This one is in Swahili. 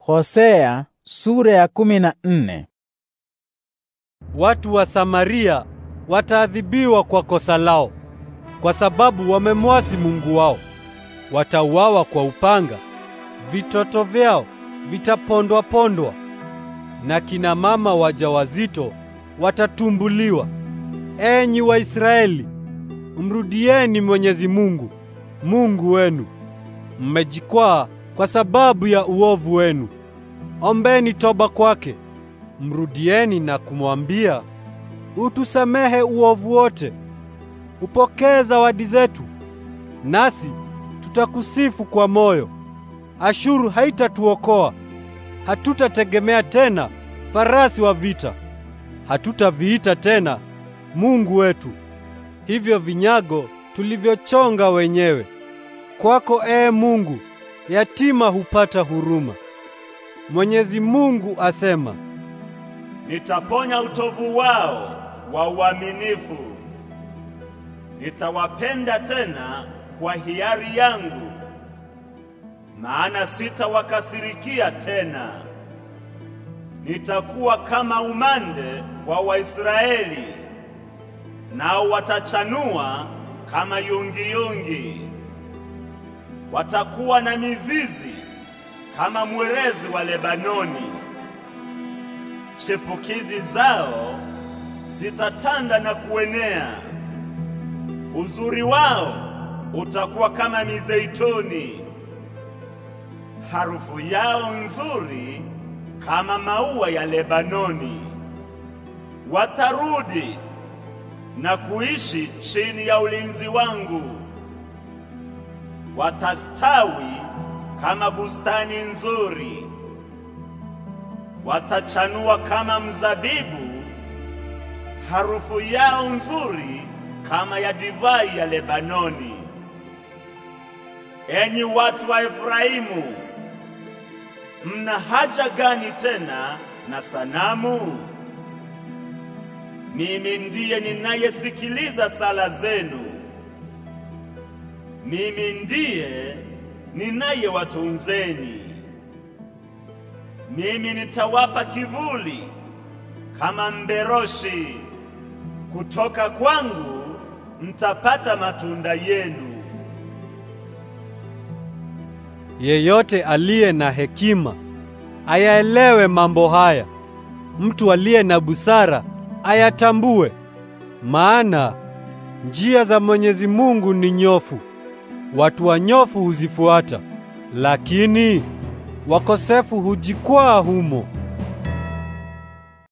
Hosea sura ya kumi na nne. Watu wa Samaria wataadhibiwa kwa kosa lao, kwa sababu wamemwasi Mungu wao. Watauawa kwa upanga, vitoto vyao vitapondwa pondwa, na kina mama wajawazito watatumbuliwa. Enyi Waisraeli, mrudieni Mwenyezi Mungu, Mungu wenu. Mmejikwaa kwa sababu ya uovu wenu. Ombeni toba kwake, mrudieni na kumwambia, utusamehe uovu wote, upokee zawadi zetu, nasi tutakusifu kwa moyo. Ashuru haitatuokoa, hatutategemea tena farasi wa vita, hatutaviita tena Mungu wetu hivyo vinyago tulivyochonga wenyewe. Kwako, ee Mungu, yatima hupata huruma. Mwenyezi Mungu asema, nitaponya utovu wao wa uaminifu, nitawapenda tena kwa hiari yangu, maana sitawakasirikia tena. Nitakuwa kama umande wa Waisraeli, nao watachanua kama yungiyungi watakuwa na mizizi kama mwerezi wa Lebanoni. Chepukizi zao zitatanda na kuenea, uzuri wao utakuwa kama mizeituni, harufu yao nzuri kama maua ya Lebanoni. Watarudi na kuishi chini ya ulinzi wangu watastawi kama bustani nzuri, watachanua kama mzabibu, harufu yao nzuri kama ya divai ya Lebanoni. Enyi watu wa Efraimu, mna haja gani tena na sanamu? Mimi ndiye ninayesikiliza sala zenu mimi ndiye ninayewatunzeni. Mimi nitawapa kivuli kama mberoshi, kutoka kwangu mtapata matunda yenu. Yeyote aliye na hekima ayaelewe mambo haya, mtu aliye na busara ayatambue, maana njia za Mwenyezi Mungu ni nyofu. Watu wanyofu huzifuata, lakini wakosefu hujikwaa humo.